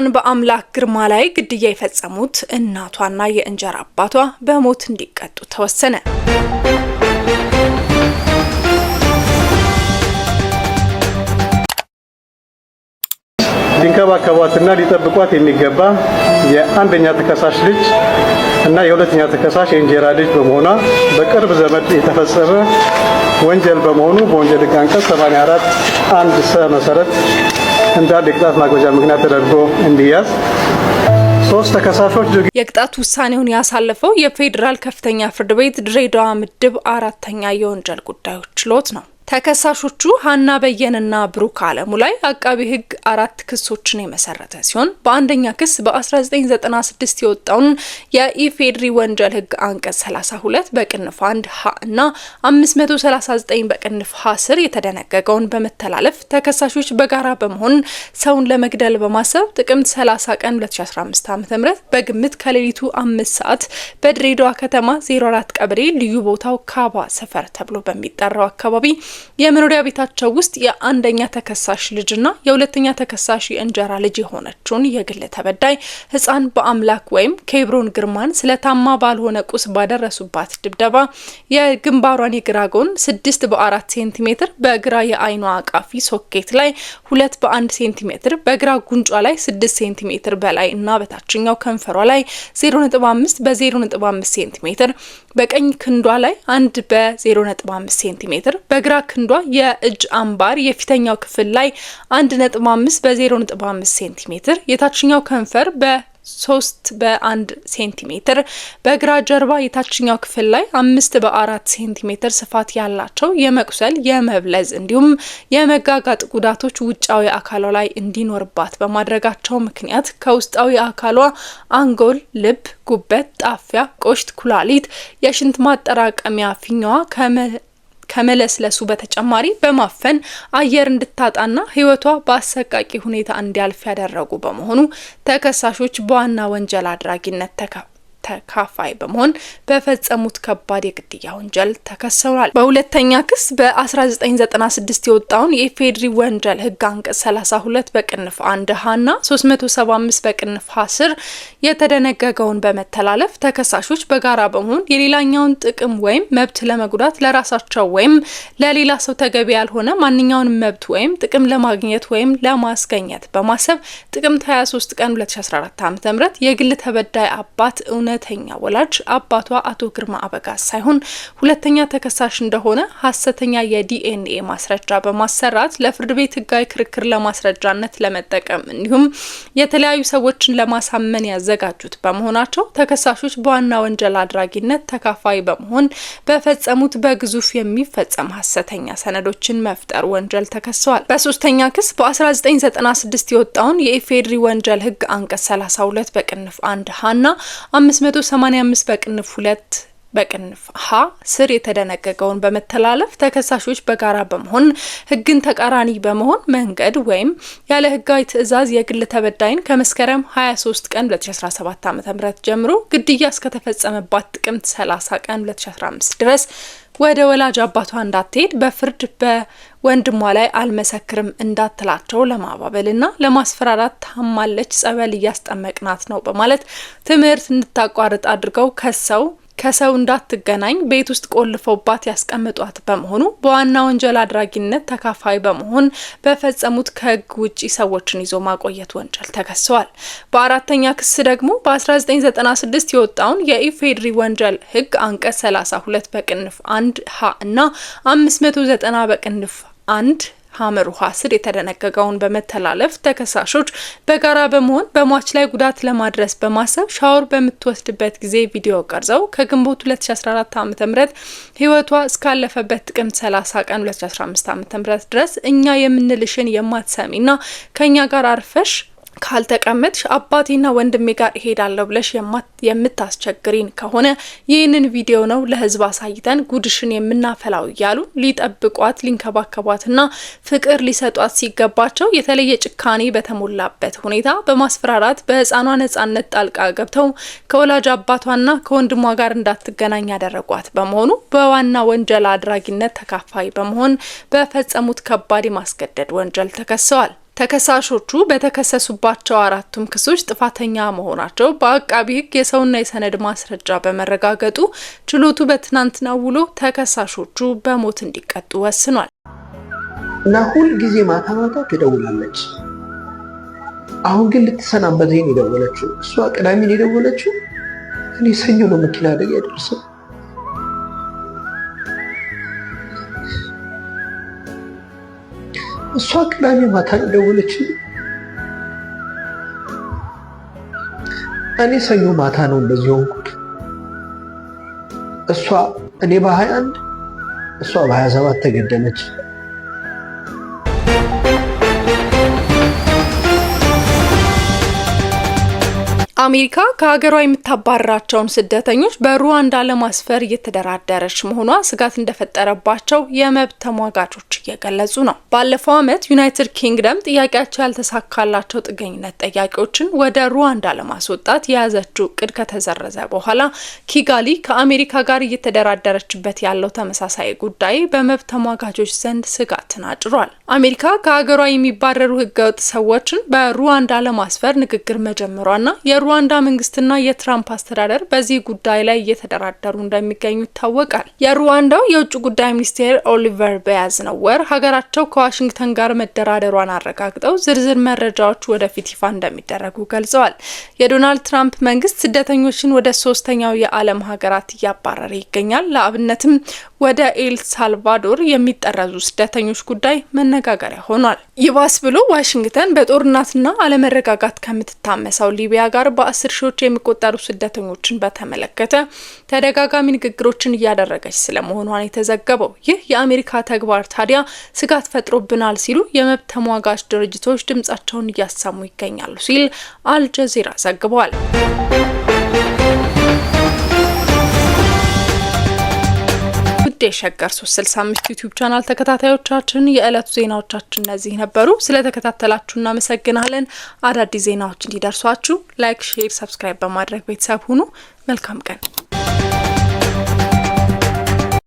ሱዳን በአምላክ ግርማ ላይ ግድያ የፈጸሙት እናቷና የእንጀራ አባቷ በሞት እንዲቀጡ ተወሰነ። ሊንከባከቧትና ሊጠብቋት የሚገባ የአንደኛ ተከሳሽ ልጅ እና የሁለተኛ ተከሳሽ የእንጀራ ልጅ በመሆኗ በቅርብ ዘመድ የተፈጸመ ወንጀል በመሆኑ በወንጀል ሕግ አንቀጽ 84 አንድ ሰ መሰረት እንደ የቅጣት ማክበጃ ምክንያት ተደርጎ እንዲያዝ ሶስት ተከሳሾች የቅጣት ውሳኔውን ያሳለፈው የፌዴራል ከፍተኛ ፍርድ ቤት ድሬዳዋ ምድብ አራተኛ የወንጀል ጉዳዮች ችሎት ነው። ተከሳሾቹ ሀና በየንና ብሩክ አለሙ ላይ አቃቢ ህግ አራት ክሶችን የመሰረተ ሲሆን በአንደኛ ክስ በ1996 የወጣውን የኢፌድሪ ወንጀል ህግ አንቀጽ 32 በቅንፍ 1 ሀ እና 539 በቅንፍ ሀ ስር የተደነገገውን በመተላለፍ ተከሳሾች በጋራ በመሆን ሰውን ለመግደል በማሰብ ጥቅምት 30 ቀን 2015 ዓ.ም በግምት ከሌሊቱ አምስት ሰዓት በድሬዳዋ ከተማ 04 ቀበሌ ልዩ ቦታው ካባ ሰፈር ተብሎ በሚጠራው አካባቢ የመኖሪያ ቤታቸው ውስጥ የአንደኛ ተከሳሽ ልጅና የሁለተኛ ተከሳሽ የእንጀራ ልጅ የሆነችውን የግል ተበዳይ ህፃን በአምላክ ወይም ኬብሮን ግርማን ስለታማ ባልሆነ ቁስ ባደረሱባት ድብደባ የግንባሯን የግራ ጎን ስድስት በአራት ሴንቲሜትር በግራ የአይኗ አቃፊ ሶኬት ላይ ሁለት በአንድ ሴንቲሜትር በግራ ጉንጯ ላይ ስድስት ሴንቲሜትር በላይ እና በታችኛው ከንፈሯ ላይ ዜሮ ነጥብ አምስት በዜሮ ነጥብ አምስት ሴንቲሜትር በቀኝ ክንዷ ላይ አንድ በ0.5 ሴንቲሜትር በግራ ክንዷ የእጅ አምባር የፊተኛው ክፍል ላይ 1.5 በ0.5 ሴንቲሜትር የታችኛው ከንፈር በ ሶስት በአንድ ሴንቲሜትር በግራ ጀርባ የታችኛው ክፍል ላይ አምስት በአራት ሴንቲሜትር ስፋት ያላቸው የመቁሰል የመብለዝ እንዲሁም የመጋጋጥ ጉዳቶች ውጫዊ አካሏ ላይ እንዲኖርባት በማድረጋቸው ምክንያት ከውስጣዊ አካሏ አንጎል፣ ልብ፣ ጉበት፣ ጣፊያ፣ ቆሽት፣ ኩላሊት፣ የሽንት ማጠራቀሚያ ፊኛዋ ከመ ከመለስለሱ በተጨማሪ በማፈን አየር እንድታጣና ህይወቷ በአሰቃቂ ሁኔታ እንዲያልፍ ያደረጉ በመሆኑ ተከሳሾች በዋና ወንጀል አድራጊነት ተከ ተካፋይ በመሆን በፈጸሙት ከባድ የግድያ ወንጀል ተከሰዋል። በሁለተኛ ክስ በ1996 የወጣውን የኢፌዴሪ ወንጀል ህግ አንቀጽ 32 በቅንፍ አንድ ና 375 በቅንፍ ሀ ስር የተደነገገውን በመተላለፍ ተከሳሾች በጋራ በመሆን የሌላኛውን ጥቅም ወይም መብት ለመጉዳት ለራሳቸው ወይም ለሌላ ሰው ተገቢ ያልሆነ ማንኛውንም መብት ወይም ጥቅም ለማግኘት ወይም ለማስገኘት በማሰብ ጥቅምት 23 ቀን 2014 ዓ.ም የግል ተበዳይ አባት እውነት እውነተኛ ወላጅ አባቷ አቶ ግርማ አበጋዝ ሳይሆን ሁለተኛ ተከሳሽ እንደሆነ ሀሰተኛ የዲኤንኤ ማስረጃ በማሰራት ለፍርድ ቤት ህጋዊ ክርክር ለማስረጃነት ለመጠቀም እንዲሁም የተለያዩ ሰዎችን ለማሳመን ያዘጋጁት በመሆናቸው ተከሳሾች በዋና ወንጀል አድራጊነት ተካፋይ በመሆን በፈጸሙት በግዙፍ የሚፈጸም ሀሰተኛ ሰነዶችን መፍጠር ወንጀል ተከሰዋል። በሶስተኛ ክስ በ1996 የወጣውን የኢፌዴሪ ወንጀል ህግ አንቀጽ 32 በቅንፍ አንድ ሀና 185 በቅንፍ 2 በቅንፍ ሀ ስር የተደነገገውን በመተላለፍ ተከሳሾች በጋራ በመሆን ህግን ተቃራኒ በመሆን መንገድ ወይም ያለ ህጋዊ ትዕዛዝ የግል ተበዳይን ከመስከረም 23 ቀን 2017 ዓ.ም ጀምሮ ግድያ እስከተፈጸመባት ጥቅምት 30 ቀን 2015 ድረስ ወደ ወላጅ አባቷ እንዳትሄድ በፍርድ በወንድሟ ላይ አልመሰክርም እንዳትላቸው ለማባበልና ለማስፈራራት ታማለች፣ ጸበል እያስጠመቅናት ነው በማለት ትምህርት እንድታቋርጥ አድርገው ከሰው ከሰው እንዳትገናኝ ቤት ውስጥ ቆልፈውባት ያስቀምጧት በመሆኑ በዋና ወንጀል አድራጊነት ተካፋይ በመሆን በፈጸሙት ከህግ ውጪ ሰዎችን ይዞ ማቆየት ወንጀል ተከሰዋል። በአራተኛ ክስ ደግሞ በ1996 የወጣውን የኢፌድሪ ወንጀል ህግ አንቀጽ 32 በቅንፍ 1 ሀ እና 590 በቅንፍ አንድ ሀመር ውሃ ስር የተደነገገውን በመተላለፍ ተከሳሾች በጋራ በመሆን በሟች ላይ ጉዳት ለማድረስ በማሰብ ሻወር በምትወስድበት ጊዜ ቪዲዮ ቀርጸው ከግንቦት 2014 ዓ.ም ህይወቷ እስካለፈበት ጥቅምት 30 ቀን 2015 ም ድረስ እኛ የምንልሽን የማትሰሚና ከኛ ጋር አርፈሽ ካልተቀመጥሽ አባቴና ወንድሜ ጋር እሄዳለሁ ብለሽ የምታስቸግሪን ከሆነ ይህንን ቪዲዮ ነው ለህዝብ አሳይተን ጉድሽን የምናፈላው እያሉ ሊጠብቋት ሊንከባከቧትና ፍቅር ሊሰጧት ሲገባቸው የተለየ ጭካኔ በተሞላበት ሁኔታ በማስፈራራት በህፃኗ ነጻነት ጣልቃ ገብተው ከወላጅ አባቷና ከወንድሟ ጋር እንዳትገናኝ ያደረጓት በመሆኑ በዋና ወንጀል አድራጊነት ተካፋይ በመሆን በፈጸሙት ከባድ የማስገደድ ወንጀል ተከሰዋል። ተከሳሾቹ በተከሰሱባቸው አራቱም ክሶች ጥፋተኛ መሆናቸው በአቃቢ ሕግ የሰውና የሰነድ ማስረጃ በመረጋገጡ ችሎቱ በትናንትናው ውሎ ተከሳሾቹ በሞት እንዲቀጡ ወስኗል። እና ሁልጊዜ ማታ ማታ ትደውላለች። አሁን ግን ልትሰናበት ነው የደወለችው። እሷ ቅዳሜ ነው የደወለችው። እኔ ሰኞ ነው መኪና አደጋ ያደርሰው እሷ ቅዳሜ ማታ እንደወለች እኔ ሰኞ ማታ ነው እንደዚህ ሆንኩት። እሷ እኔ በ21 እሷ በ ሰባት ተገደለች። አሜሪካ ከሀገሯ የምታባረራቸውን ስደተኞች በሩዋንዳ ለማስፈር እየተደራደረች መሆኗ ስጋት እንደፈጠረባቸው የመብት ተሟጋቾች እየገለጹ ነው። ባለፈው ዓመት ዩናይትድ ኪንግደም ጥያቄያቸው ያልተሳካላቸው ጥገኝነት ጠያቂዎችን ወደ ሩዋንዳ ለማስወጣት የያዘችው እቅድ ከተዘረዘ በኋላ ኪጋሊ ከአሜሪካ ጋር እየተደራደረችበት ያለው ተመሳሳይ ጉዳይ በመብት ተሟጋቾች ዘንድ ስጋትን አጭሯል። አሜሪካ ከሀገሯ የሚባረሩ ህገወጥ ሰዎችን በሩዋንዳ ለማስፈር ንግግር መጀመሯና የሩዋንዳ መንግስትና የትራምፕ አስተዳደር በዚህ ጉዳይ ላይ እየተደራደሩ እንደሚገኙ ይታወቃል። የሩዋንዳው የውጭ ጉዳይ ሚኒስቴር ኦሊቨር በያዝነው ወር ሀገራቸው ከዋሽንግተን ጋር መደራደሯን አረጋግጠው ዝርዝር መረጃዎች ወደፊት ይፋ እንደሚደረጉ ገልጸዋል። የዶናልድ ትራምፕ መንግስት ስደተኞችን ወደ ሶስተኛው የዓለም ሀገራት እያባረረ ይገኛል። ለአብነትም ወደ ኤል ሳልቫዶር የሚጠረዙ ስደተኞች ጉዳይ መነጋገሪያ ሆኗል። ይባስ ብሎ ዋሽንግተን በጦርነትና አለመረጋጋት ከምትታመሰው ሊቢያ ጋር በአስር ሺዎች የሚቆጠሩ ስደተኞችን በተመለከተ ተደጋጋሚ ንግግሮችን እያደረገች ስለመሆኗን የተዘገበው ይህ የአሜሪካ ተግባር ታዲያ ስጋት ፈጥሮብናል ሲሉ የመብት ተሟጋች ድርጅቶች ድምጻቸውን እያሰሙ ይገኛሉ ሲል አልጀዚራ ዘግቧል። ውድ የሸገር 365 ዩቲዩብ ቻናል ተከታታዮቻችን የዕለቱ ዜናዎቻችን እነዚህ ነበሩ። ስለተከታተላችሁ እናመሰግናለን። አዳዲስ ዜናዎች እንዲደርሷችሁ ላይክ፣ ሼር፣ ሰብስክራይብ በማድረግ ቤተሰብ ሁኑ። መልካም ቀን